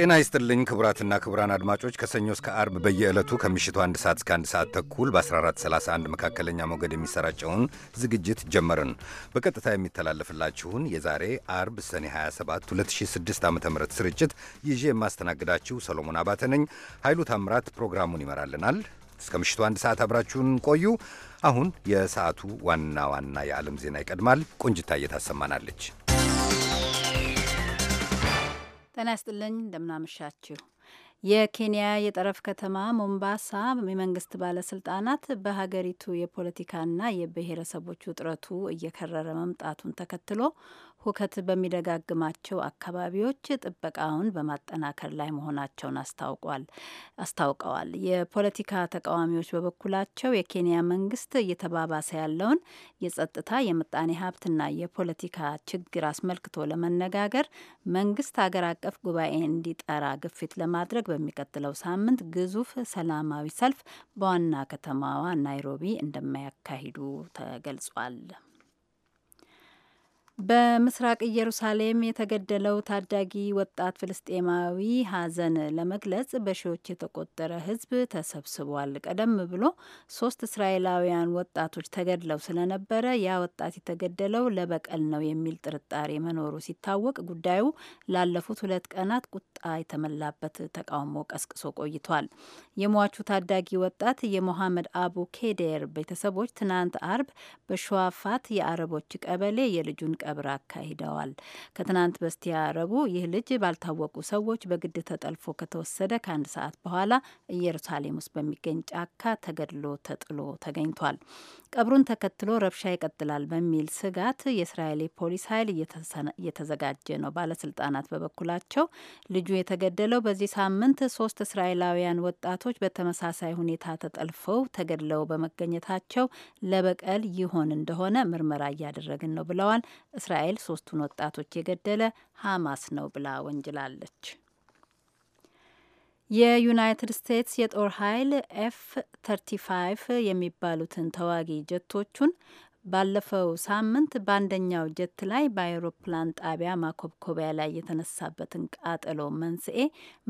ጤና ይስጥልኝ ክቡራትና ክቡራን አድማጮች ከሰኞ እስከ አርብ በየዕለቱ ከምሽቱ አንድ ሰዓት እስከ አንድ ሰዓት ተኩል በ1431 መካከለኛ ሞገድ የሚሰራጨውን ዝግጅት ጀመርን። በቀጥታ የሚተላለፍላችሁን የዛሬ አርብ ሰኔ 27 2006 ዓ ም ስርጭት ይዤ የማስተናግዳችሁ ሰሎሞን አባተ ነኝ። ኃይሉ ታምራት ፕሮግራሙን ይመራልናል። እስከ ምሽቱ አንድ ሰዓት አብራችሁን ቆዩ። አሁን የሰዓቱ ዋና ዋና የዓለም ዜና ይቀድማል። ቆንጅታ እየታሰማናለች። ጤና ይስጥልኝ። እንደምናመሻችሁ። የኬንያ የጠረፍ ከተማ ሞምባሳ የመንግስት ባለስልጣናት በሀገሪቱ የፖለቲካና የብሔረሰቦች ውጥረቱ እየከረረ መምጣቱን ተከትሎ ሁከት በሚደጋግማቸው አካባቢዎች ጥበቃውን በማጠናከር ላይ መሆናቸውን አስታውቀዋል። የፖለቲካ ተቃዋሚዎች በበኩላቸው የኬንያ መንግስት እየተባባሰ ያለውን የጸጥታ የምጣኔ ሀብትና የፖለቲካ ችግር አስመልክቶ ለመነጋገር መንግስት ሀገር አቀፍ ጉባኤ እንዲጠራ ግፊት ለማድረግ በሚቀጥለው ሳምንት ግዙፍ ሰላማዊ ሰልፍ በዋና ከተማዋ ናይሮቢ እንደማያካሂዱ ተገልጿል። በምስራቅ ኢየሩሳሌም የተገደለው ታዳጊ ወጣት ፍልስጤማዊ ሐዘን ለመግለጽ በሺዎች የተቆጠረ ሕዝብ ተሰብስቧል። ቀደም ብሎ ሶስት እስራኤላውያን ወጣቶች ተገድለው ስለነበረ ያ ወጣት የተገደለው ለበቀል ነው የሚል ጥርጣሬ መኖሩ ሲታወቅ ጉዳዩ ላለፉት ሁለት ቀናት ቁጣ የተመላበት ተቃውሞ ቀስቅሶ ቆይቷል። የሟቹ ታዳጊ ወጣት የሞሐመድ አቡ ኬዴር ቤተሰቦች ትናንት አርብ በሸዋፋት የአረቦች ቀበሌ የልጁን ቀብር አካሂደዋል። ከትናንት በስቲያ ረቡዕ ይህ ልጅ ባልታወቁ ሰዎች በግድ ተጠልፎ ከተወሰደ ከአንድ ሰዓት በኋላ ኢየሩሳሌም ውስጥ በሚገኝ ጫካ ተገድሎ ተጥሎ ተገኝቷል። ቀብሩን ተከትሎ ረብሻ ይቀጥላል በሚል ስጋት የእስራኤል ፖሊስ ኃይል እየተዘጋጀ ነው። ባለስልጣናት በበኩላቸው ልጁ የተገደለው በዚህ ሳምንት ሶስት እስራኤላውያን ወጣቶች በተመሳሳይ ሁኔታ ተጠልፈው ተገድለው በመገኘታቸው ለበቀል ይሆን እንደሆነ ምርመራ እያደረግን ነው ብለዋል። እስራኤል ሶስቱን ወጣቶች የገደለ ሀማስ ነው ብላ ወንጅላለች። የዩናይትድ ስቴትስ የጦር ኃይል ኤፍ 35 የሚባሉትን ተዋጊ ጀቶቹን ባለፈው ሳምንት በአንደኛው ጀት ላይ በአውሮፕላን ጣቢያ ማኮብኮቢያ ላይ የተነሳበትን ቃጠሎ መንስኤ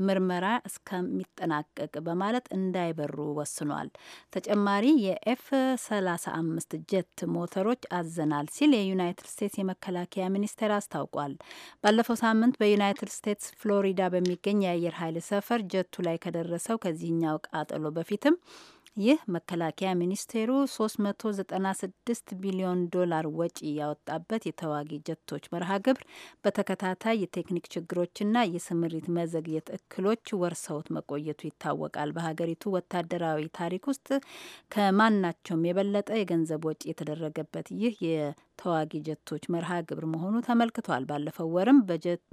ምርመራ እስከሚጠናቀቅ በማለት እንዳይበሩ ወስኗል። ተጨማሪ የኤፍ 35 ጀት ሞተሮች አዘናል ሲል የዩናይትድ ስቴትስ የመከላከያ ሚኒስቴር አስታውቋል። ባለፈው ሳምንት በዩናይትድ ስቴትስ ፍሎሪዳ በሚገኝ የአየር ኃይል ሰፈር ጀቱ ላይ ከደረሰው ከዚህኛው ቃጠሎ በፊትም ይህ መከላከያ ሚኒስቴሩ 396 ቢሊዮን ዶላር ወጪ ያወጣበት የተዋጊ ጀቶች መርሃ ግብር በተከታታይ የቴክኒክ ችግሮችና የስምሪት መዘግየት እክሎች ወርሰውት መቆየቱ ይታወቃል። በሀገሪቱ ወታደራዊ ታሪክ ውስጥ ከማናቸውም የበለጠ የገንዘብ ወጪ የተደረገበት ይህ የተዋጊ ጀቶች መርሃ ግብር መሆኑ ተመልክቷል። ባለፈው ወርም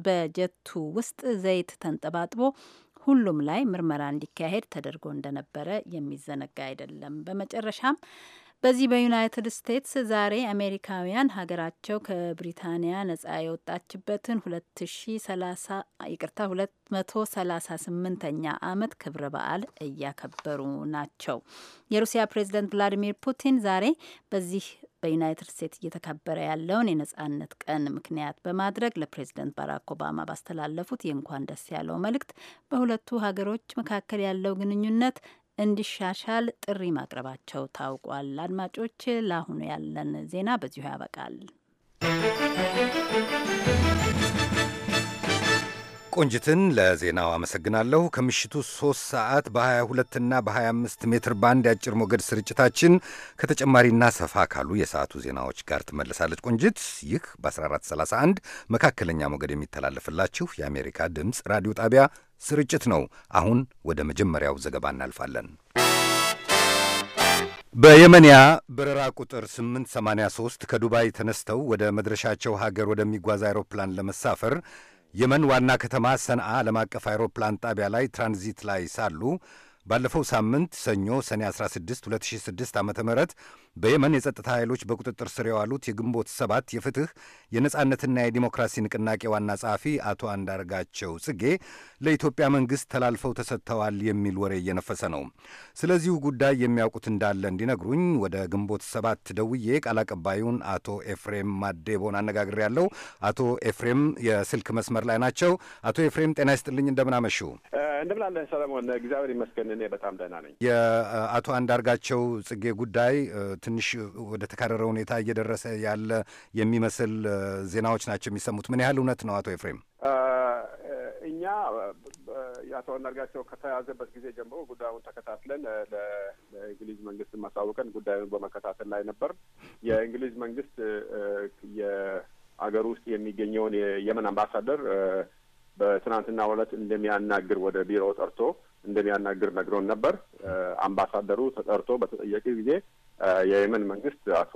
በጀቱ ውስጥ ዘይት ተንጠባጥቦ ሁሉም ላይ ምርመራ እንዲካሄድ ተደርጎ እንደነበረ የሚዘነጋ አይደለም። በመጨረሻም በዚህ በዩናይትድ ስቴትስ ዛሬ አሜሪካውያን ሀገራቸው ከብሪታንያ ነጻ የወጣችበትን ሁለት ሺ ሰላሳ ይቅርታ ሁለት መቶ ሰላሳ ስምንተኛ ዓመት ክብረ በዓል እያከበሩ ናቸው። የሩሲያ ፕሬዚደንት ቭላዲሚር ፑቲን ዛሬ በዚህ በዩናይትድ ስቴትስ እየተከበረ ያለውን የነጻነት ቀን ምክንያት በማድረግ ለፕሬዝደንት ባራክ ኦባማ ባስተላለፉት የእንኳን ደስ ያለው መልእክት በሁለቱ ሀገሮች መካከል ያለው ግንኙነት እንዲሻሻል ጥሪ ማቅረባቸው ታውቋል። አድማጮች፣ ለአሁኑ ያለን ዜና በዚሁ ያበቃል። ቆንጅትን ለዜናው አመሰግናለሁ። ከምሽቱ 3 ሰዓት በ22 እና በ25 ሜትር ባንድ የአጭር ሞገድ ስርጭታችን ከተጨማሪና ሰፋ ካሉ የሰዓቱ ዜናዎች ጋር ትመለሳለች። ቆንጅት፣ ይህ በ1431 መካከለኛ ሞገድ የሚተላለፍላችሁ የአሜሪካ ድምፅ ራዲዮ ጣቢያ ስርጭት ነው። አሁን ወደ መጀመሪያው ዘገባ እናልፋለን። በየመንያ በረራ ቁጥር 883 ከዱባይ ተነስተው ወደ መድረሻቸው ሀገር ወደሚጓዝ አውሮፕላን ለመሳፈር የመን ዋና ከተማ ሰንዓ ዓለም አቀፍ አይሮፕላን ጣቢያ ላይ ትራንዚት ላይ ሳሉ ባለፈው ሳምንት ሰኞ ሰኔ 16 2006 ዓ ም በየመን የጸጥታ ኃይሎች በቁጥጥር ስር የዋሉት የግንቦት ሰባት የፍትህ የነጻነትና የዲሞክራሲ ንቅናቄ ዋና ጸሐፊ አቶ አንዳርጋቸው ጽጌ ለኢትዮጵያ መንግሥት ተላልፈው ተሰጥተዋል የሚል ወሬ እየነፈሰ ነው። ስለዚሁ ጉዳይ የሚያውቁት እንዳለ እንዲነግሩኝ ወደ ግንቦት ሰባት ደውዬ ቃል አቀባዩን አቶ ኤፍሬም ማዴቦን ያለው አቶ ኤፍሬም የስልክ መስመር ላይ ናቸው። አቶ ኤፍሬም ጤና ይስጥልኝ። እንደምን አመሹ? እንደምን አለህ ሰለሞን? እግዚአብሔር ይመስገን እኔ በጣም ደህና ነኝ። የአቶ አንዳርጋቸው ጽጌ ጉዳይ ትንሽ ወደ ተካረረ ሁኔታ እየደረሰ ያለ የሚመስል ዜናዎች ናቸው የሚሰሙት። ምን ያህል እውነት ነው አቶ ኤፍሬም? እኛ የአቶ አንዳርጋቸው ከተያዘበት ጊዜ ጀምሮ ጉዳዩን ተከታትለን ለእንግሊዝ መንግስት ማሳወቀን ጉዳዩን በመከታተል ላይ ነበር። የእንግሊዝ መንግስት የአገር ውስጥ የሚገኘውን የየመን አምባሳደር በትናንትና ዕለት እንደሚያናግር ወደ ቢሮው ጠርቶ እንደሚያናግር ነግሮን ነበር። አምባሳደሩ ተጠርቶ በተጠየቀ ጊዜ የየመን መንግስት አቶ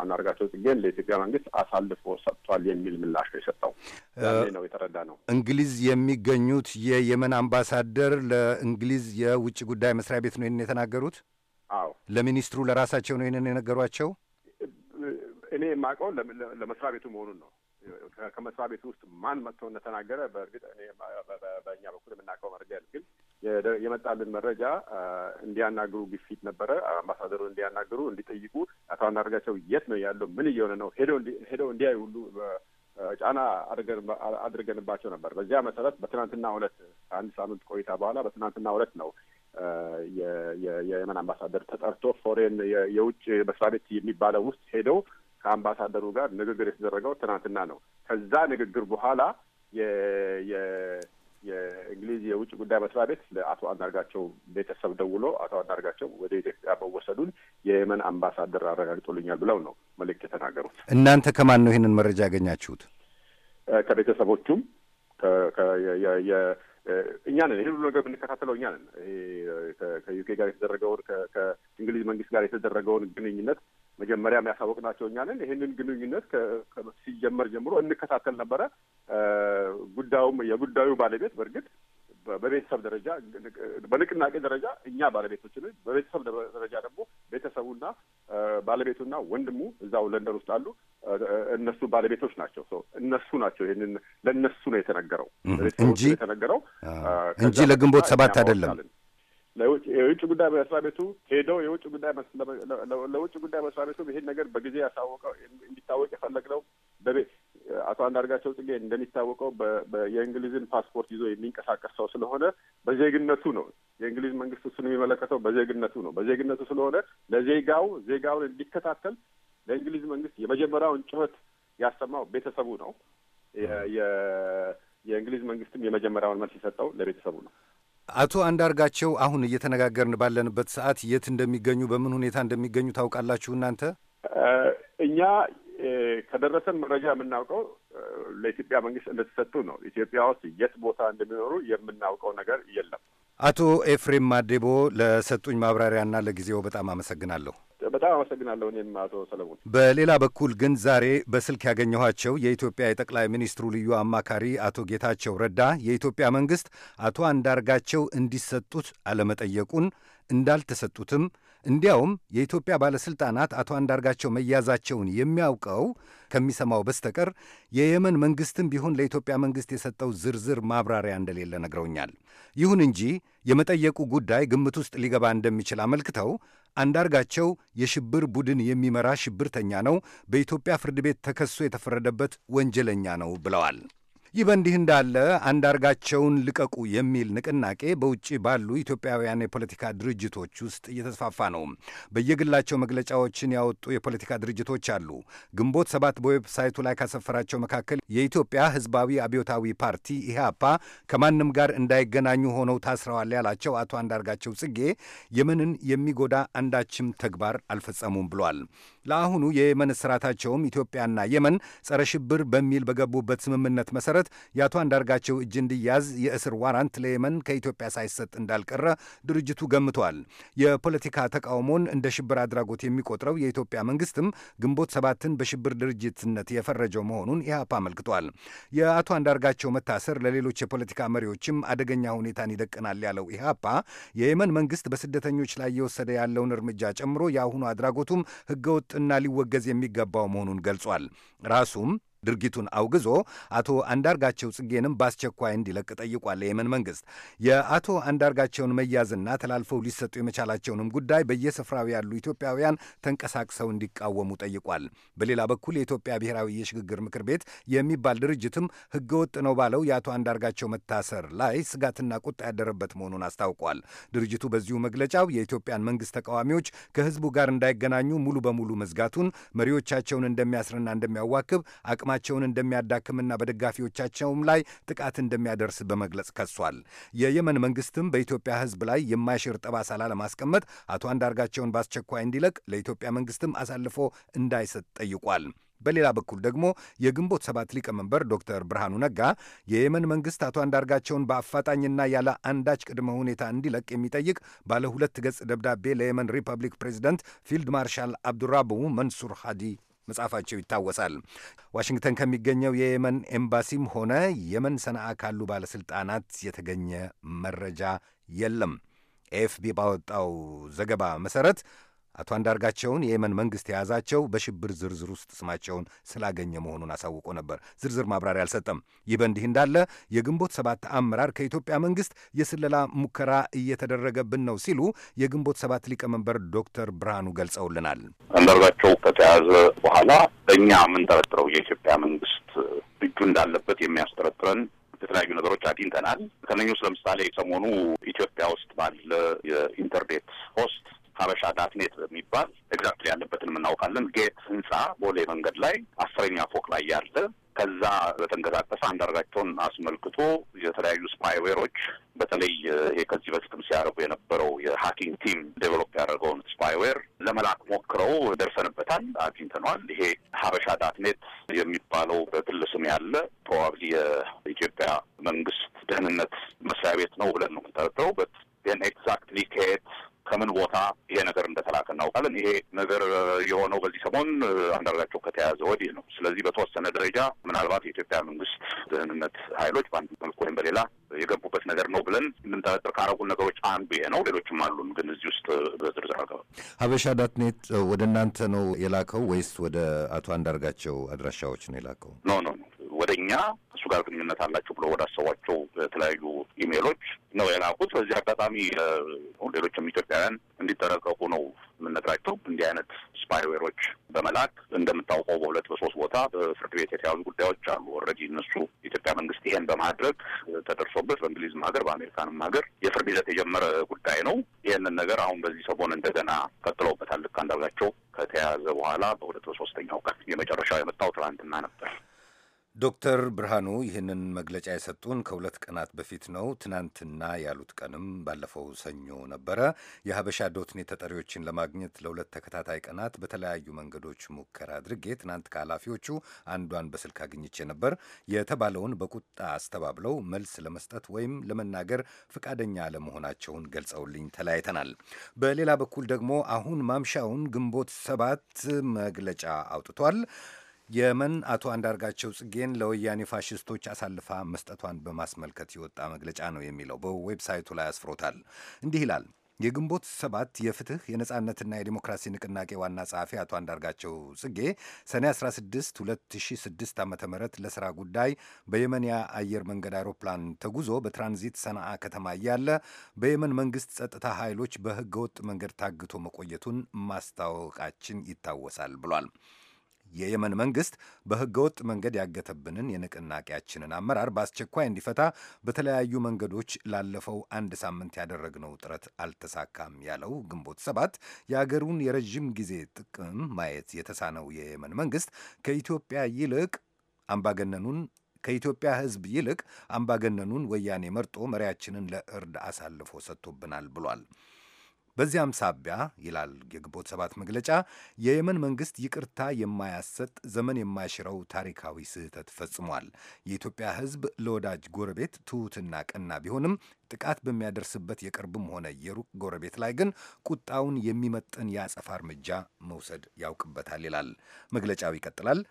አንዳርጋቸው ጽጌን ለኢትዮጵያ መንግስት አሳልፎ ሰጥቷል የሚል ምላሽ ነው የሰጠው። ነው የተረዳ ነው። እንግሊዝ የሚገኙት የየመን አምባሳደር ለእንግሊዝ የውጭ ጉዳይ መስሪያ ቤት ነው ይን የተናገሩት? አዎ። ለሚኒስትሩ ለራሳቸው ነው ይህንን የነገሯቸው? እኔ የማውቀው ለመስሪያ ቤቱ መሆኑን ነው። ከመስሪያ ቤቱ ውስጥ ማን መጥቶ እንደተናገረ በእርግጥ እኔ በእኛ በኩል የምናውቀው መረጃ ግን የመጣልን መረጃ እንዲያናግሩ ግፊት ነበረ። አምባሳደሩ እንዲያናግሩ፣ እንዲጠይቁ አቶ አንዳርጋቸው የት ነው ያለው? ምን እየሆነ ነው? ሄደው እንዲያዩ ሁሉ ጫና አድርገንባቸው ነበር። በዚያ መሰረት በትናንትና ሁለት ከአንድ ሳምንት ቆይታ በኋላ በትናንትና ሁለት ነው የየመን አምባሳደር ተጠርቶ ፎሬን የውጭ መስሪያ ቤት የሚባለው ውስጥ ሄደው ከአምባሳደሩ ጋር ንግግር የተደረገው ትናንትና ነው። ከዛ ንግግር በኋላ የእንግሊዝ የውጭ ጉዳይ መስሪያ ቤት ለአቶ አንዳርጋቸው ቤተሰብ ደውሎ አቶ አንዳርጋቸው ወደ ኢትዮጵያ መወሰዱን የየመን አምባሳደር አረጋግጦልኛል ብለው ነው መልእክት የተናገሩት። እናንተ ከማን ነው ይህንን መረጃ ያገኛችሁት? ከቤተሰቦቹም እኛ ነን። ይህን ሁሉ ነገር የምንከታተለው እኛ ነን። ከዩኬ ጋር የተደረገውን ከእንግሊዝ መንግስት ጋር የተደረገውን ግንኙነት መጀመሪያ የሚያሳውቅ ናቸው እኛንን ይህንን ግንኙነት ሲጀመር ጀምሮ እንከታተል ነበረ። ጉዳዩም የጉዳዩ ባለቤት በእርግጥ በቤተሰብ ደረጃ በንቅናቄ ደረጃ እኛ ባለቤቶች፣ በቤተሰብ ደረጃ ደግሞ ቤተሰቡና ባለቤቱና ወንድሙ እዛው ለንደን ውስጥ አሉ። እነሱ ባለቤቶች ናቸው። እነሱ ናቸው። ይህንን ለእነሱ ነው የተነገረው እንጂ የተነገረው እንጂ ለግንቦት ሰባት አይደለም። የውጭ ጉዳይ መስሪያ ቤቱ ሄደው የውጭ ጉዳይ ለውጭ ጉዳይ መስሪያ ቤቱ ይሄን ነገር በጊዜ ያሳወቀው እንዲታወቅ የፈለግነው በቤ አቶ አንዳርጋቸው ጽጌ እንደሚታወቀው የእንግሊዝን ፓስፖርት ይዞ የሚንቀሳቀስ ሰው ስለሆነ በዜግነቱ ነው። የእንግሊዝ መንግስት እሱን የሚመለከተው በዜግነቱ ነው። በዜግነቱ ስለሆነ ለዜጋው ዜጋውን እንዲከታተል ለእንግሊዝ መንግስት የመጀመሪያውን ጩኸት ያሰማው ቤተሰቡ ነው። የእንግሊዝ መንግስትም የመጀመሪያውን መልስ የሰጠው ለቤተሰቡ ነው። አቶ አንዳርጋቸው አሁን እየተነጋገርን ባለንበት ሰዓት የት እንደሚገኙ በምን ሁኔታ እንደሚገኙ ታውቃላችሁ እናንተ? እኛ ከደረሰን መረጃ የምናውቀው ለኢትዮጵያ መንግስት እንደተሰጡ ነው። ኢትዮጵያ ውስጥ የት ቦታ እንደሚኖሩ የምናውቀው ነገር የለም። አቶ ኤፍሬም ማዴቦ ለሰጡኝ ማብራሪያና ለጊዜው በጣም አመሰግናለሁ። በጣም አመሰግናለሁ። እኔም አቶ ሰለሞን። በሌላ በኩል ግን ዛሬ በስልክ ያገኘኋቸው የኢትዮጵያ የጠቅላይ ሚኒስትሩ ልዩ አማካሪ አቶ ጌታቸው ረዳ የኢትዮጵያ መንግስት አቶ አንዳርጋቸው እንዲሰጡት አለመጠየቁን እንዳልተሰጡትም እንዲያውም የኢትዮጵያ ባለሥልጣናት አቶ አንዳርጋቸው መያዛቸውን የሚያውቀው ከሚሰማው በስተቀር የየመን መንግሥትም ቢሆን ለኢትዮጵያ መንግሥት የሰጠው ዝርዝር ማብራሪያ እንደሌለ ነግረውኛል። ይሁን እንጂ የመጠየቁ ጉዳይ ግምት ውስጥ ሊገባ እንደሚችል አመልክተው አንዳርጋቸው የሽብር ቡድን የሚመራ ሽብርተኛ ነው፣ በኢትዮጵያ ፍርድ ቤት ተከሶ የተፈረደበት ወንጀለኛ ነው ብለዋል። ይህ በእንዲህ እንዳለ አንዳርጋቸውን ልቀቁ የሚል ንቅናቄ በውጭ ባሉ ኢትዮጵያውያን የፖለቲካ ድርጅቶች ውስጥ እየተስፋፋ ነው። በየግላቸው መግለጫዎችን ያወጡ የፖለቲካ ድርጅቶች አሉ። ግንቦት ሰባት በዌብሳይቱ ላይ ካሰፈራቸው መካከል የኢትዮጵያ ሕዝባዊ አብዮታዊ ፓርቲ ኢህአፓ ከማንም ጋር እንዳይገናኙ ሆነው ታስረዋል ያላቸው አቶ አንዳርጋቸው ጽጌ የምንን የሚጎዳ አንዳችም ተግባር አልፈጸሙም ብሏል። ለአሁኑ የየመን እስራታቸውም ኢትዮጵያና የመን ጸረ ሽብር በሚል በገቡበት ስምምነት መሰረት የአቶ አንዳርጋቸው እጅ እንዲያዝ የእስር ዋራንት ለየመን ከኢትዮጵያ ሳይሰጥ እንዳልቀረ ድርጅቱ ገምቷል። የፖለቲካ ተቃውሞን እንደ ሽብር አድራጎት የሚቆጥረው የኢትዮጵያ መንግስትም ግንቦት ሰባትን በሽብር ድርጅትነት የፈረጀው መሆኑን ኢህአፓ አመልክቷል። የአቶ አንዳርጋቸው መታሰር ለሌሎች የፖለቲካ መሪዎችም አደገኛ ሁኔታን ይደቅናል ያለው ኢህአፓ የየመን መንግስት በስደተኞች ላይ እየወሰደ ያለውን እርምጃ ጨምሮ የአሁኑ አድራጎቱም ህገወጥ ሊጠላና ሊወገዝ የሚገባው መሆኑን ገልጿል። ራሱም ድርጊቱን አውግዞ አቶ አንዳርጋቸው ጽጌንም በአስቸኳይ እንዲለቅ ጠይቋል። የየመን መንግስት የአቶ አንዳርጋቸውን መያዝና ተላልፈው ሊሰጡ የመቻላቸውንም ጉዳይ በየስፍራው ያሉ ኢትዮጵያውያን ተንቀሳቅሰው እንዲቃወሙ ጠይቋል። በሌላ በኩል የኢትዮጵያ ብሔራዊ የሽግግር ምክር ቤት የሚባል ድርጅትም ህገወጥ ነው ባለው የአቶ አንዳርጋቸው መታሰር ላይ ስጋትና ቁጣ ያደረበት መሆኑን አስታውቋል። ድርጅቱ በዚሁ መግለጫው የኢትዮጵያን መንግስት ተቃዋሚዎች ከህዝቡ ጋር እንዳይገናኙ ሙሉ በሙሉ መዝጋቱን፣ መሪዎቻቸውን እንደሚያስርና እንደሚያዋክብ አቅማ ስማቸውን እንደሚያዳክምና በደጋፊዎቻቸውም ላይ ጥቃት እንደሚያደርስ በመግለጽ ከሷል። የየመን መንግስትም በኢትዮጵያ ህዝብ ላይ የማይሽር ጠባሳላ ለማስቀመጥ አቶ አንዳርጋቸውን በአስቸኳይ እንዲለቅ ለኢትዮጵያ መንግስትም አሳልፎ እንዳይሰጥ ጠይቋል። በሌላ በኩል ደግሞ የግንቦት ሰባት ሊቀመንበር ዶክተር ብርሃኑ ነጋ የየመን መንግስት አቶ አንዳርጋቸውን በአፋጣኝና ያለ አንዳች ቅድመ ሁኔታ እንዲለቅ የሚጠይቅ ባለ ሁለት ገጽ ደብዳቤ ለየመን ሪፐብሊክ ፕሬዚደንት ፊልድ ማርሻል አብዱራቡ መንሱር ሃዲ መጻፋቸው ይታወሳል። ዋሽንግተን ከሚገኘው የየመን ኤምባሲም ሆነ የመን ሰነአ ካሉ ባለሥልጣናት የተገኘ መረጃ የለም። ኤኤፍፒ ባወጣው ዘገባ መሠረት አቶ አንዳርጋቸውን የየመን መንግስት የያዛቸው በሽብር ዝርዝር ውስጥ ስማቸውን ስላገኘ መሆኑን አሳውቆ ነበር። ዝርዝር ማብራሪያ አልሰጠም። ይህ በእንዲህ እንዳለ የግንቦት ሰባት አመራር ከኢትዮጵያ መንግስት የስለላ ሙከራ እየተደረገብን ነው ሲሉ የግንቦት ሰባት ሊቀመንበር ዶክተር ብርሃኑ ገልጸውልናል። አንዳርጋቸው ከተያዘ በኋላ እኛ የምንጠረጥረው የኢትዮጵያ መንግስት እጁ እንዳለበት የሚያስጠረጥረን የተለያዩ ነገሮች አግኝተናል። ከነኞስ ለምሳሌ ሰሞኑ ኢትዮጵያ ውስጥ ባለ የኢንተርኔት ሆስት ሀበሻ ዳትኔት በሚባል ኤግዛክትሊ ያለበት እናውቃለን። ጌት ህንጻ ቦሌ መንገድ ላይ አስረኛ ፎቅ ላይ ያለ ከዛ በተንቀሳቀሰ አንዳርጋቸውን አስመልክቶ የተለያዩ ስፓይዌሮች በተለይ ይሄ ከዚህ በፊትም ሲያደርጉ የነበረው የሀኪንግ ቲም ዴቨሎፕ ያደረገውን ስፓይዌር ለመላክ ሞክረው ደርሰንበታል፣ አግኝተነዋል። ይሄ ሀበሻ ዳትኔት የሚባለው በግል ስም ያለ ፕሮባብሊ የኢትዮጵያ መንግስት ደህንነት መስሪያ ቤት ነው ብለን ነው የምንጠረጥረው በት ኤግዛክትሊ ከየት ከምን ቦታ ይሄ ነገር እንደተላከ እናውቃለን። ይሄ ነገር የሆነው በዚህ ሰሞን አንዳርጋቸው ከተያዘ ወዲህ ነው። ስለዚህ በተወሰነ ደረጃ ምናልባት የኢትዮጵያ መንግስት ደህንነት ኃይሎች በአንድ መልኩ ወይም በሌላ የገቡበት ነገር ነው ብለን የምንጠረጥር ካረጉን ነገሮች አንዱ ይሄ ነው። ሌሎችም አሉን፣ ግን እዚህ ውስጥ በዝርዝር አልገባ። ሀበሻ ዳትኔት ወደ እናንተ ነው የላከው ወይስ ወደ አቶ አንዳርጋቸው አድራሻዎች ነው የላከው? ኖ ኖ ወደ እኛ ከእሱ ጋር ግንኙነት አላቸው ብሎ ወዳሰቧቸው የተለያዩ ኢሜሎች ነው የላኩት። በዚህ አጋጣሚ ሌሎችም ኢትዮጵያውያን እንዲጠረቀቁ ነው የምንነግራቸው። እንዲህ አይነት ስፓይዌሮች በመላክ እንደምታውቀው በሁለት በሶስት ቦታ በፍርድ ቤት የተያዙ ጉዳዮች አሉ። ኦልሬዲ እነሱ የኢትዮጵያ መንግስት ይሄን በማድረግ ተደርሶበት በእንግሊዝም ሀገር በአሜሪካንም ሀገር የፍርድ ይዘት የጀመረ ጉዳይ ነው። ይህንን ነገር አሁን በዚህ ሰሞን እንደገና ቀጥለውበታል። ልክ አንዳርጋቸው ከተያዘ በኋላ በሁለት በሶስተኛው ቀን የመጨረሻው የመጣው ትናንትና ነበር። ዶክተር ብርሃኑ ይህንን መግለጫ የሰጡን ከሁለት ቀናት በፊት ነው። ትናንትና ያሉት ቀንም ባለፈው ሰኞ ነበረ። የሀበሻ ዶትኔ ተጠሪዎችን ለማግኘት ለሁለት ተከታታይ ቀናት በተለያዩ መንገዶች ሙከራ አድርጌ ትናንት ከኃላፊዎቹ አንዷን በስልክ አግኝቼ ነበር። የተባለውን በቁጣ አስተባብለው መልስ ለመስጠት ወይም ለመናገር ፈቃደኛ አለመሆናቸውን ገልጸውልኝ ተለያይተናል። በሌላ በኩል ደግሞ አሁን ማምሻውን ግንቦት ሰባት መግለጫ አውጥቷል። የመን አቶ አንዳርጋቸው ጽጌን ለወያኔ ፋሽስቶች አሳልፋ መስጠቷን በማስመልከት የወጣ መግለጫ ነው የሚለው በዌብሳይቱ ላይ አስፍሮታል። እንዲህ ይላል። የግንቦት ሰባት የፍትህ የነጻነትና የዲሞክራሲ ንቅናቄ ዋና ጸሐፊ አቶ አንዳርጋቸው ጽጌ ሰኔ 16 2006 ዓ ም ለሥራ ጉዳይ በየመን የአየር መንገድ አውሮፕላን ተጉዞ በትራንዚት ሰንዓ ከተማ እያለ በየመን መንግሥት ጸጥታ ኃይሎች በሕገ ወጥ መንገድ ታግቶ መቆየቱን ማስታወቃችን ይታወሳል ብሏል። የየመን መንግስት በህገወጥ መንገድ ያገተብንን የንቅናቄያችንን አመራር በአስቸኳይ እንዲፈታ በተለያዩ መንገዶች ላለፈው አንድ ሳምንት ያደረግነው ጥረት አልተሳካም ያለው ግንቦት ሰባት የአገሩን የረዥም ጊዜ ጥቅም ማየት የተሳነው የየመን መንግስት ከኢትዮጵያ ይልቅ አምባገነኑን ከኢትዮጵያ ህዝብ ይልቅ አምባገነኑን ወያኔ መርጦ መሪያችንን ለእርድ አሳልፎ ሰጥቶብናል ብሏል። በዚያም ሳቢያ ይላል የግንቦት ሰባት መግለጫ የየመን መንግስት ይቅርታ የማያሰጥ ዘመን የማይሽረው ታሪካዊ ስህተት ፈጽሟል። የኢትዮጵያ ሕዝብ ለወዳጅ ጎረቤት ትሑትና ቀና ቢሆንም ጥቃት በሚያደርስበት የቅርብም ሆነ የሩቅ ጎረቤት ላይ ግን ቁጣውን የሚመጥን የአጸፋ እርምጃ መውሰድ ያውቅበታል ይላል መግለጫው። ይቀጥላል።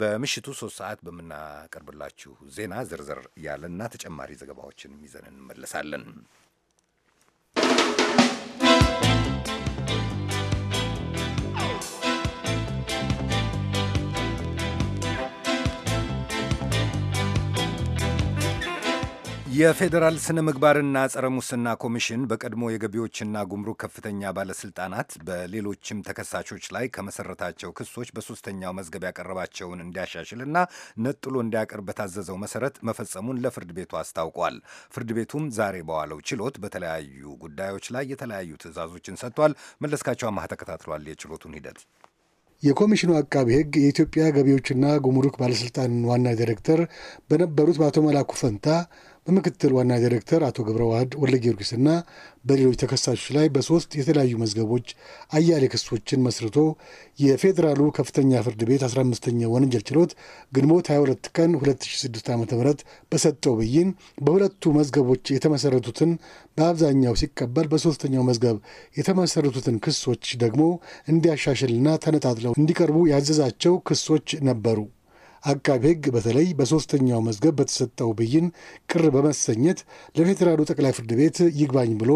በምሽቱ ሶስት ሰዓት በምናቀርብላችሁ ዜና ዝርዝር ያለና ተጨማሪ ዘገባዎችን ይዘን እንመለሳለን። የፌዴራል ስነ ምግባርና ጸረ ሙስና ኮሚሽን በቀድሞ የገቢዎችና ጉምሩክ ከፍተኛ ባለስልጣናት በሌሎችም ተከሳሾች ላይ ከመሰረታቸው ክሶች በሶስተኛው መዝገብ ያቀረባቸውን እንዲያሻሽልና ነጥሎ እንዲያቀርብ በታዘዘው መሰረት መፈጸሙን ለፍርድ ቤቱ አስታውቋል። ፍርድ ቤቱም ዛሬ በዋለው ችሎት በተለያዩ ጉዳዮች ላይ የተለያዩ ትዕዛዞችን ሰጥቷል። መለስካቸው አማህ ተከታትሏል የችሎቱን ሂደት። የኮሚሽኑ አቃቢ ሕግ የኢትዮጵያ ገቢዎችና ጉምሩክ ባለስልጣን ዋና ዲሬክተር በነበሩት በአቶ መላኩ ፈንታ በምክትል ዋና ዲሬክተር አቶ ገብረ ዋህድ ጊዮርጊስ ጊዮርጊስና በሌሎች ተከሳሾች ላይ በሶስት የተለያዩ መዝገቦች አያሌ ክሶችን መስርቶ የፌዴራሉ ከፍተኛ ፍርድ ቤት 15ኛ ወንጀል ችሎት ግንቦት 22 ቀን 2006 ዓ ም በሰጠው ብይን በሁለቱ መዝገቦች የተመሰረቱትን በአብዛኛው ሲቀበል፣ በሦስተኛው መዝገብ የተመሰረቱትን ክሶች ደግሞ እንዲያሻሽልና ተነጣጥለው እንዲቀርቡ ያዘዛቸው ክሶች ነበሩ። አቃቢ ሕግ በተለይ በሦስተኛው መዝገብ በተሰጠው ብይን ቅር በመሰኘት ለፌዴራሉ ጠቅላይ ፍርድ ቤት ይግባኝ ብሎ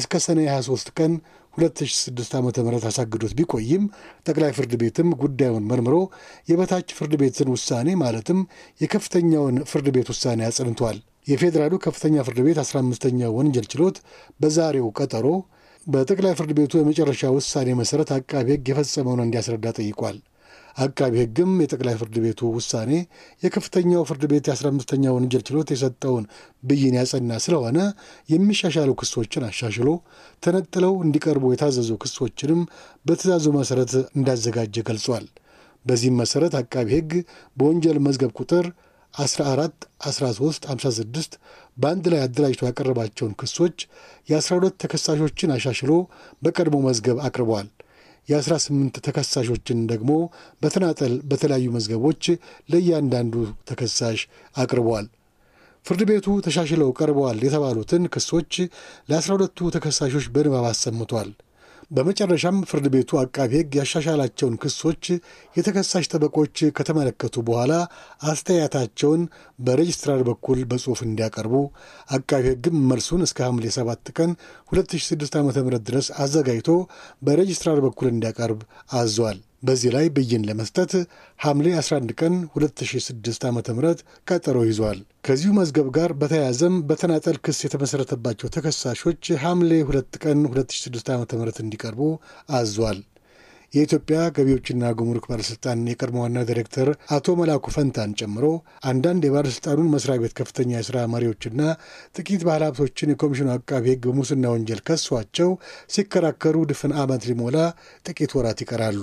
እስከ ሰኔ 23 ቀን 2006 ዓ ም አሳግዶት ቢቆይም ጠቅላይ ፍርድ ቤትም ጉዳዩን መርምሮ የበታች ፍርድ ቤትን ውሳኔ ማለትም የከፍተኛውን ፍርድ ቤት ውሳኔ አጽንቷል። የፌዴራሉ ከፍተኛ ፍርድ ቤት 15ኛ ወንጀል ችሎት በዛሬው ቀጠሮ በጠቅላይ ፍርድ ቤቱ የመጨረሻ ውሳኔ መሠረት አቃቤ ሕግ የፈጸመውን እንዲያስረዳ ጠይቋል። አቃቢ ሕግም የጠቅላይ ፍርድ ቤቱ ውሳኔ የከፍተኛው ፍርድ ቤት የ15ኛ ወንጀል ችሎት የሰጠውን ብይን ያጸና ስለሆነ የሚሻሻሉ ክሶችን አሻሽሎ ተነጥለው እንዲቀርቡ የታዘዙ ክሶችንም በትእዛዙ መሠረት እንዳዘጋጀ ገልጿል። በዚህም መሠረት አቃቢ ሕግ በወንጀል መዝገብ ቁጥር 14 13 56 በአንድ ላይ አደራጅቶ ያቀረባቸውን ክሶች የ12 ተከሳሾችን አሻሽሎ በቀድሞ መዝገብ አቅርበዋል። የ18 ተከሳሾችን ደግሞ በተናጠል በተለያዩ መዝገቦች ለእያንዳንዱ ተከሳሽ አቅርቧል። ፍርድ ቤቱ ተሻሽለው ቀርበዋል የተባሉትን ክሶች ለአስራ ሁለቱ ተከሳሾች በንባብ አሰምቷል። በመጨረሻም ፍርድ ቤቱ አቃቢ ሕግ ያሻሻላቸውን ክሶች የተከሳሽ ጠበቆች ከተመለከቱ በኋላ አስተያየታቸውን በሬጅስትራር በኩል በጽሑፍ እንዲያቀርቡ አቃቢ ሕግም መልሱን እስከ ሐምሌ 7 ቀን 2006 ዓ ም ድረስ አዘጋጅቶ በሬጅስትራር በኩል እንዲያቀርብ አዟል። በዚህ ላይ ብይን ለመስጠት ሐምሌ 11 ቀን 2006 ዓ ም ቀጠሮ ይዟል። ከዚሁ መዝገብ ጋር በተያያዘም በተናጠል ክስ የተመሠረተባቸው ተከሳሾች ሐምሌ 2 ቀን 2006 ዓ ም እንዲቀርቡ አዟል። የኢትዮጵያ ገቢዎችና ጉምሩክ ባለሥልጣን የቀድሞ ዋና ዲሬክተር አቶ መላኩ ፈንታን ጨምሮ አንዳንድ የባለሥልጣኑን መስሪያ ቤት ከፍተኛ የሥራ መሪዎችና ጥቂት ባለሀብቶችን የኮሚሽኑ አቃቢ ሕግ በሙስና ወንጀል ከሷቸው ሲከራከሩ ድፍን ዓመት ሊሞላ ጥቂት ወራት ይቀራሉ።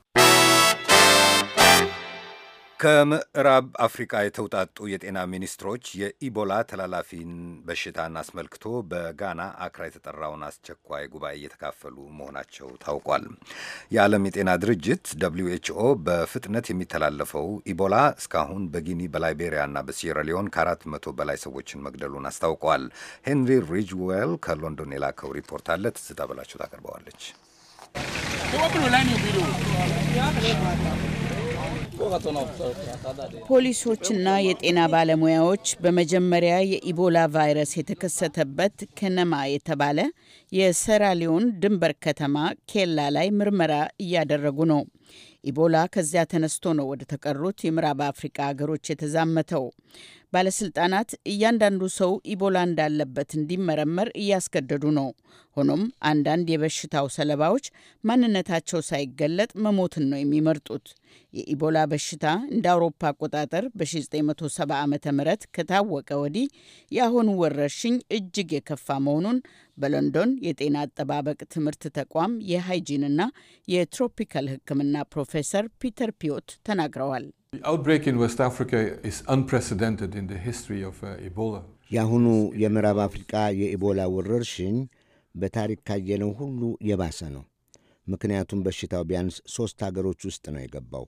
ከምዕራብ አፍሪቃ የተውጣጡ የጤና ሚኒስትሮች የኢቦላ ተላላፊን በሽታን አስመልክቶ በጋና አክራ የተጠራውን አስቸኳይ ጉባኤ እየተካፈሉ መሆናቸው ታውቋል። የዓለም የጤና ድርጅት ደብልዩ ኤችኦ በፍጥነት የሚተላለፈው ኢቦላ እስካሁን በጊኒ በላይቤሪያና በሲራሊዮን ከአራት መቶ በላይ ሰዎችን መግደሉን አስታውቋል። ሄንሪ ሪጅዌል ከሎንዶን የላከው ሪፖርት አለ። ትዝታ በላቸው ታቀርበዋለች። ፖሊሶችና የጤና ባለሙያዎች በመጀመሪያ የኢቦላ ቫይረስ የተከሰተበት ከነማ የተባለ የሰራሊዮን ድንበር ከተማ ኬላ ላይ ምርመራ እያደረጉ ነው። ኢቦላ ከዚያ ተነስቶ ነው ወደ ተቀሩት የምዕራብ አፍሪቃ ሀገሮች የተዛመተው። ባለስልጣናት እያንዳንዱ ሰው ኢቦላ እንዳለበት እንዲመረመር እያስገደዱ ነው። ሆኖም አንዳንድ የበሽታው ሰለባዎች ማንነታቸው ሳይገለጥ መሞትን ነው የሚመርጡት። የኢቦላ በሽታ እንደ አውሮፓ አቆጣጠር በ1970 ዓ ም ከታወቀ ወዲህ የአሁኑ ወረርሽኝ እጅግ የከፋ መሆኑን በሎንዶን የጤና አጠባበቅ ትምህርት ተቋም የሃይጂንና የትሮፒካል ሕክምና ፕሮፌሰር ፒተር ፒዮት ተናግረዋል። uh, የአሁኑ የምዕራብ አፍሪቃ የኢቦላ ወረርሽኝ በታሪክ ካየነው ሁሉ የባሰ ነው። ምክንያቱም በሽታው ቢያንስ ሦስት አገሮች ውስጥ ነው የገባው።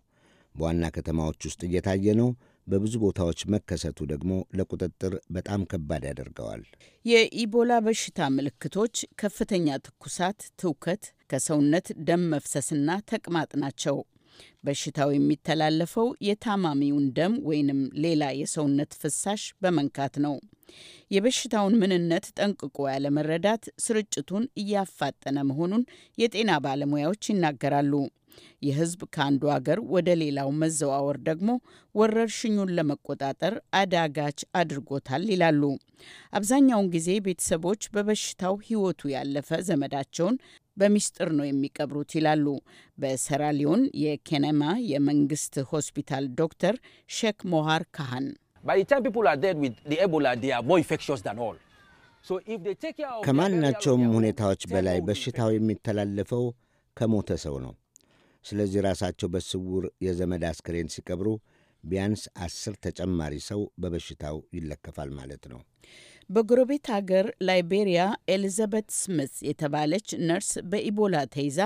በዋና ከተማዎች ውስጥ እየታየ ነው። በብዙ ቦታዎች መከሰቱ ደግሞ ለቁጥጥር በጣም ከባድ ያደርገዋል። የኢቦላ በሽታ ምልክቶች ከፍተኛ ትኩሳት፣ ትውከት፣ ከሰውነት ደም መፍሰስና ተቅማጥ ናቸው። በሽታው የሚተላለፈው የታማሚውን ደም ወይንም ሌላ የሰውነት ፍሳሽ በመንካት ነው። የበሽታውን ምንነት ጠንቅቆ ያለመረዳት ስርጭቱን እያፋጠነ መሆኑን የጤና ባለሙያዎች ይናገራሉ። የህዝብ ከአንዱ አገር ወደ ሌላው መዘዋወር ደግሞ ወረርሽኙን ለመቆጣጠር አዳጋች አድርጎታል ይላሉ። አብዛኛውን ጊዜ ቤተሰቦች በበሽታው ህይወቱ ያለፈ ዘመዳቸውን በሚስጥር ነው የሚቀብሩት ይላሉ በሰራሊዮን የኬነማ የመንግስት ሆስፒታል ዶክተር ሼክ ሞሃር ካህን። ከማናቸውም ሁኔታዎች በላይ በሽታው የሚተላለፈው ከሞተ ሰው ነው። ስለዚህ ራሳቸው በስውር የዘመድ አስክሬን ሲቀብሩ ቢያንስ አስር ተጨማሪ ሰው በበሽታው ይለከፋል ማለት ነው። በጎረቤት ሀገር ላይቤሪያ ኤሊዛቤት ስምስ የተባለች ነርስ በኢቦላ ተይዛ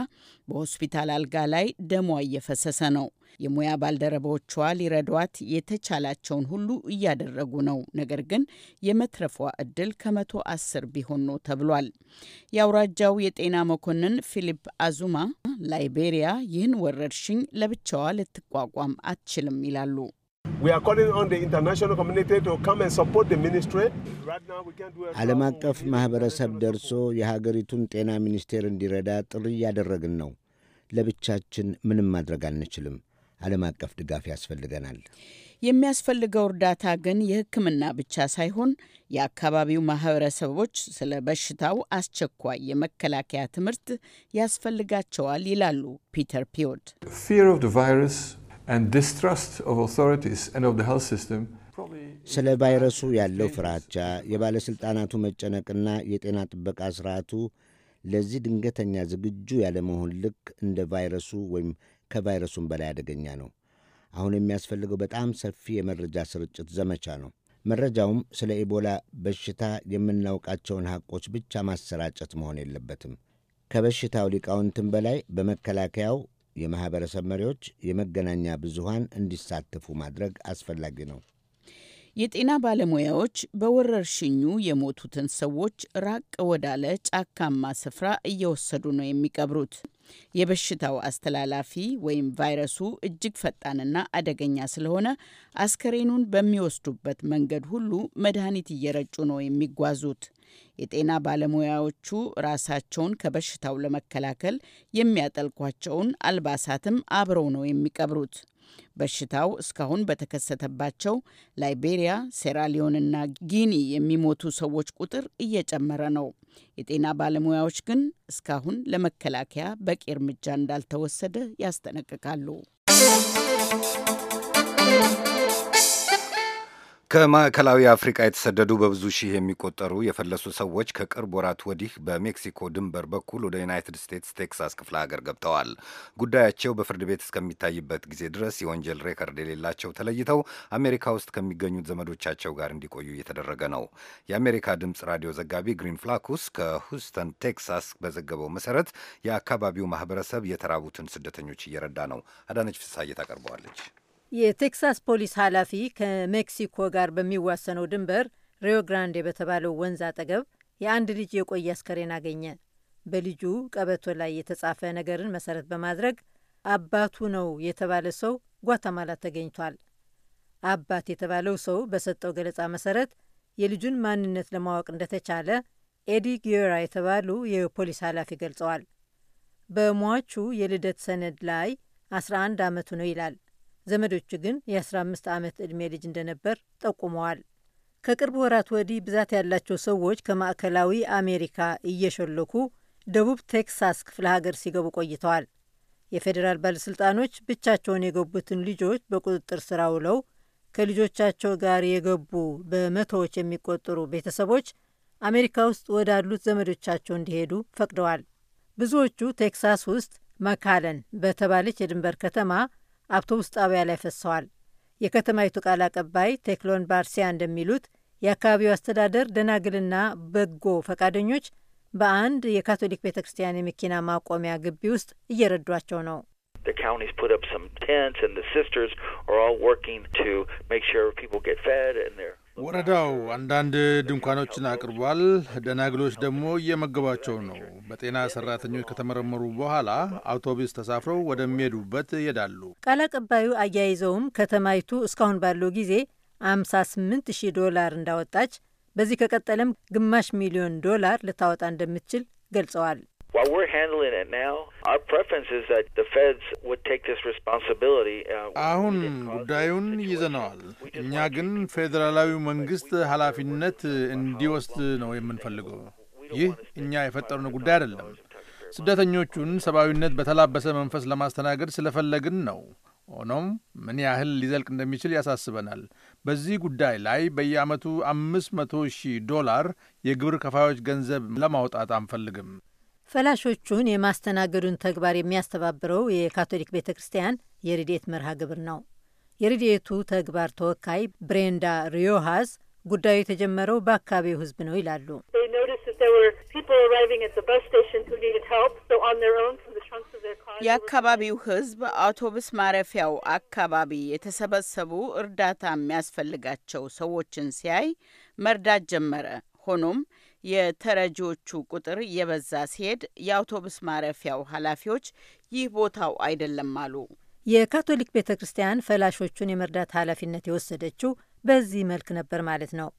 በሆስፒታል አልጋ ላይ ደሟ እየፈሰሰ ነው። የሙያ ባልደረቦቿ ሊረዷት የተቻላቸውን ሁሉ እያደረጉ ነው። ነገር ግን የመትረፏ እድል ከመቶ አስር ቢሆን ነው ተብሏል። የአውራጃው የጤና መኮንን ፊሊፕ አዙማ ላይቤሪያ ይህን ወረርሽኝ ለብቻዋ ልትቋቋም አትችልም ይላሉ። ዓለም አቀፍ ማኅበረሰብ ደርሶ የሀገሪቱን ጤና ሚኒስቴር እንዲረዳ ጥሪ እያደረግን ነው። ለብቻችን ምንም ማድረግ አንችልም። ዓለም አቀፍ ድጋፍ ያስፈልገናል። የሚያስፈልገው እርዳታ ግን የሕክምና ብቻ ሳይሆን የአካባቢው ማህበረሰቦች ስለ በሽታው አስቸኳይ የመከላከያ ትምህርት ያስፈልጋቸዋል ይላሉ ፒተር ፒዮድ ስለ ቫይረሱ ያለው ፍራቻ፣ የባለሥልጣናቱ መጨነቅና የጤና ጥበቃ ሥርዓቱ ለዚህ ድንገተኛ ዝግጁ ያለመሆን ልክ እንደ ቫይረሱ ወይም ከቫይረሱም በላይ አደገኛ ነው። አሁን የሚያስፈልገው በጣም ሰፊ የመረጃ ስርጭት ዘመቻ ነው። መረጃውም ስለ ኢቦላ በሽታ የምናውቃቸውን ሐቆች ብቻ ማሰራጨት መሆን የለበትም። ከበሽታው ሊቃውንትም በላይ በመከላከያው የማኅበረሰብ መሪዎች፣ የመገናኛ ብዙሃን እንዲሳተፉ ማድረግ አስፈላጊ ነው። የጤና ባለሙያዎች በወረርሽኙ የሞቱትን ሰዎች ራቅ ወዳለ ጫካማ ስፍራ እየወሰዱ ነው የሚቀብሩት። የበሽታው አስተላላፊ ወይም ቫይረሱ እጅግ ፈጣንና አደገኛ ስለሆነ አስከሬኑን በሚወስዱበት መንገድ ሁሉ መድኃኒት እየረጩ ነው የሚጓዙት። የጤና ባለሙያዎቹ ራሳቸውን ከበሽታው ለመከላከል የሚያጠልቋቸውን አልባሳትም አብረው ነው የሚቀብሩት። በሽታው እስካሁን በተከሰተባቸው ላይቤሪያ፣ ሴራሊዮንና ጊኒ የሚሞቱ ሰዎች ቁጥር እየጨመረ ነው። የጤና ባለሙያዎች ግን እስካሁን ለመከላከያ በቂ እርምጃ እንዳልተወሰደ ያስጠነቅቃሉ። ከማዕከላዊ አፍሪቃ የተሰደዱ በብዙ ሺህ የሚቆጠሩ የፈለሱ ሰዎች ከቅርብ ወራት ወዲህ በሜክሲኮ ድንበር በኩል ወደ ዩናይትድ ስቴትስ ቴክሳስ ክፍለ ሀገር ገብተዋል። ጉዳያቸው በፍርድ ቤት እስከሚታይበት ጊዜ ድረስ የወንጀል ሬከርድ የሌላቸው ተለይተው አሜሪካ ውስጥ ከሚገኙት ዘመዶቻቸው ጋር እንዲቆዩ እየተደረገ ነው። የአሜሪካ ድምፅ ራዲዮ ዘጋቢ ግሪን ፍላኩስ ከሁስተን ቴክሳስ በዘገበው መሰረት የአካባቢው ማህበረሰብ የተራቡትን ስደተኞች እየረዳ ነው። አዳነች ፍሳዬ ታቀርበዋለች። የቴክሳስ ፖሊስ ኃላፊ ከሜክሲኮ ጋር በሚዋሰነው ድንበር ሪዮ ግራንዴ በተባለው ወንዝ አጠገብ የአንድ ልጅ የቆየ አስከሬን አገኘ። በልጁ ቀበቶ ላይ የተጻፈ ነገርን መሰረት በማድረግ አባቱ ነው የተባለ ሰው ጓታማላ ተገኝቷል። አባት የተባለው ሰው በሰጠው ገለጻ መሰረት የልጁን ማንነት ለማወቅ እንደተቻለ ኤዲ ጊዮራ የተባሉ የፖሊስ ኃላፊ ገልጸዋል። በሟቹ የልደት ሰነድ ላይ 11 ዓመቱ ነው ይላል። ዘመዶቹ ግን የ15 ዓመት ዕድሜ ልጅ እንደነበር ጠቁመዋል። ከቅርብ ወራት ወዲህ ብዛት ያላቸው ሰዎች ከማዕከላዊ አሜሪካ እየሸለኩ ደቡብ ቴክሳስ ክፍለ ሀገር ሲገቡ ቆይተዋል። የፌዴራል ባለሥልጣኖች ብቻቸውን የገቡትን ልጆች በቁጥጥር ስር ውለው ከልጆቻቸው ጋር የገቡ በመቶዎች የሚቆጠሩ ቤተሰቦች አሜሪካ ውስጥ ወዳሉት ዘመዶቻቸው እንዲሄዱ ፈቅደዋል። ብዙዎቹ ቴክሳስ ውስጥ መካለን በተባለች የድንበር ከተማ አውቶቡስ ጣቢያ ላይ ፈሰዋል። የከተማይቱ ቃል አቀባይ ቴክሎን ባርሲያ እንደሚሉት የአካባቢው አስተዳደር ደናግልና በጎ ፈቃደኞች በአንድ የካቶሊክ ቤተ ክርስቲያን የመኪና ማቆሚያ ግቢ ውስጥ እየረዷቸው ነው። ወረዳው አንዳንድ ድንኳኖችን አቅርቧል። ደናግሎች ደግሞ እየመገባቸው ነው። በጤና ሰራተኞች ከተመረመሩ በኋላ አውቶቡስ ተሳፍረው ወደሚሄዱበት ይሄዳሉ። ቃል አቀባዩ አያይዘውም ከተማይቱ እስካሁን ባለው ጊዜ 58 ሺህ ዶላር እንዳወጣች፣ በዚህ ከቀጠለም ግማሽ ሚሊዮን ዶላር ልታወጣ እንደምትችል ገልጸዋል። While we're handling it now, our preference is that the feds would take this responsibility. Uh, አሁን ጉዳዩን ይዘነዋል። እኛ ግን ፌዴራላዊ መንግስት ኃላፊነት እንዲወስድ ነው የምንፈልገው። ይህ እኛ የፈጠርነው ጉዳይ አይደለም። ስደተኞቹን ሰብአዊነት በተላበሰ መንፈስ ለማስተናገድ ስለፈለግን ነው። ሆኖም ምን ያህል ሊዘልቅ እንደሚችል ያሳስበናል። በዚህ ጉዳይ ላይ በየዓመቱ አምስት መቶ ሺህ ዶላር የግብር ከፋዮች ገንዘብ ለማውጣት አንፈልግም። ፈላሾቹን የማስተናገዱን ተግባር የሚያስተባብረው የካቶሊክ ቤተ ክርስቲያን የርዴት መርሃ ግብር ነው። የርዴቱ ተግባር ተወካይ ብሬንዳ ሪዮሃዝ ጉዳዩ የተጀመረው በአካባቢው ሕዝብ ነው ይላሉ። የአካባቢው ሕዝብ አውቶቡስ ማረፊያው አካባቢ የተሰበሰቡ እርዳታ የሚያስፈልጋቸው ሰዎችን ሲያይ መርዳት ጀመረ። ሆኖም የተረጂዎቹ ቁጥር እየበዛ ሲሄድ የአውቶቡስ ማረፊያው ኃላፊዎች ይህ ቦታው አይደለም አሉ። የካቶሊክ ቤተ ክርስቲያን ፈላሾቹን የመርዳት ኃላፊነት የወሰደችው በዚህ መልክ ነበር ማለት ነው።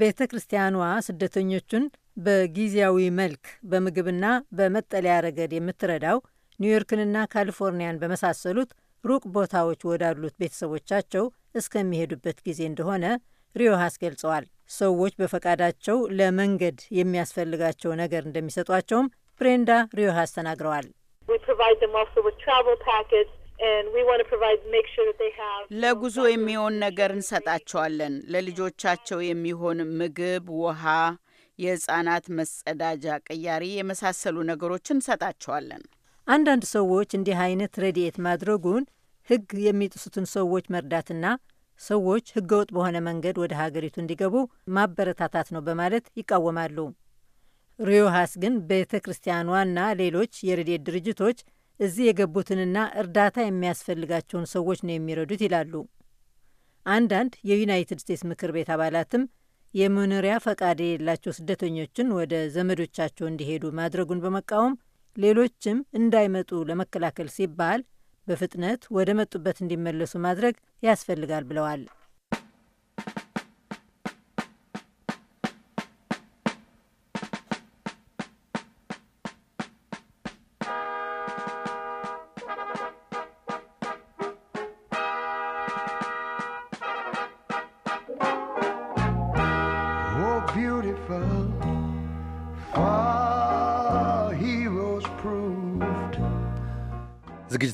ቤተ ክርስቲያኗ ስደተኞቹን በጊዜያዊ መልክ በምግብና በመጠለያ ረገድ የምትረዳው ኒውዮርክንና ካሊፎርኒያን በመሳሰሉት ሩቅ ቦታዎች ወዳሉት ቤተሰቦቻቸው እስከሚሄዱበት ጊዜ እንደሆነ ሪዮሃስ ገልጸዋል። ሰዎች በፈቃዳቸው ለመንገድ የሚያስፈልጋቸው ነገር እንደሚሰጧቸውም ብሬንዳ ሪዮሃስ ተናግረዋል። ለጉዞ የሚሆን ነገር እንሰጣቸዋለን። ለልጆቻቸው የሚሆን ምግብ፣ ውሃ፣ የህጻናት መጸዳጃ፣ ቅያሪ የመሳሰሉ ነገሮችን እንሰጣቸዋለን። አንዳንድ ሰዎች እንዲህ አይነት ረድኤት ማድረጉን ህግ የሚጥሱትን ሰዎች መርዳትና ሰዎች ህገወጥ በሆነ መንገድ ወደ ሀገሪቱ እንዲገቡ ማበረታታት ነው በማለት ይቃወማሉ። ሪዮሃስ ግን ቤተ ክርስቲያኗና ሌሎች የረድኤት ድርጅቶች እዚህ የገቡትንና እርዳታ የሚያስፈልጋቸውን ሰዎች ነው የሚረዱት ይላሉ። አንዳንድ የዩናይትድ ስቴትስ ምክር ቤት አባላትም የመኖሪያ ፈቃድ የሌላቸው ስደተኞችን ወደ ዘመዶቻቸው እንዲሄዱ ማድረጉን በመቃወም ሌሎችም እንዳይመጡ ለመከላከል ሲባል በፍጥነት ወደ መጡበት እንዲመለሱ ማድረግ ያስፈልጋል ብለዋል።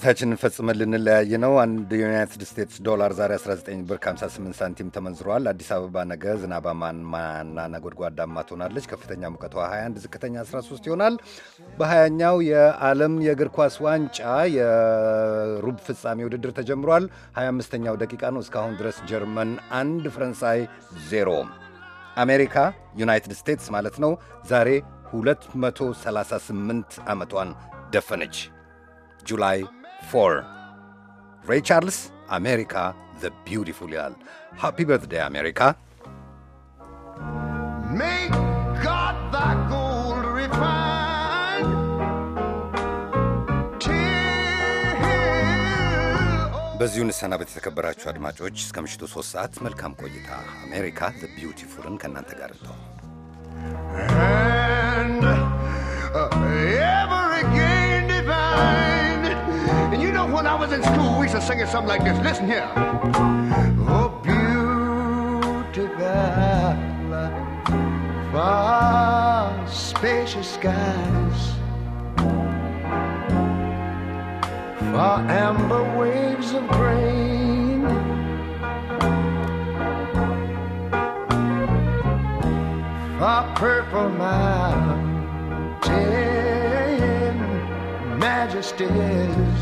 ዝግጅታችንን ፈጽመን ልንለያይ ነው። አንድ የዩናይትድ ስቴትስ ዶላር ዛሬ 19 ብር 58 ሳንቲም ተመንዝሯል። አዲስ አበባ ነገ ዝናባማና ነጎድጓዳማ ትሆናለች። ከፍተኛ ሙቀቷ 21፣ ዝቅተኛ 13 ይሆናል። በሀያኛው የዓለም የእግር ኳስ ዋንጫ የሩብ ፍጻሜ ውድድር ተጀምሯል። 25ኛው ደቂቃ ነው። እስካሁን ድረስ ጀርመን አንድ፣ ፈረንሳይ ዜሮ። አሜሪካ ዩናይትድ ስቴትስ ማለት ነው ዛሬ 238 ዓመቷን ደፈነች። ጁላይ ፎር ሬይ ቻርልስ አሜሪካ ዘ ቢውቲፉል ይላል። ሃፒ በርትዴይ አሜሪካ። በዚሁ ንሰናበት የተከበራችሁ አድማጮች እስከ ምሽቱ ሦስት ሰዓት መልካም ቆይታ። አሜሪካ ዘ ቢውቲፉልን ከእናንተ ጋር እንተዋል። Singing something like this. Listen here. Oh, beautiful, far spacious skies, far amber waves of grain. A purple mountain majesties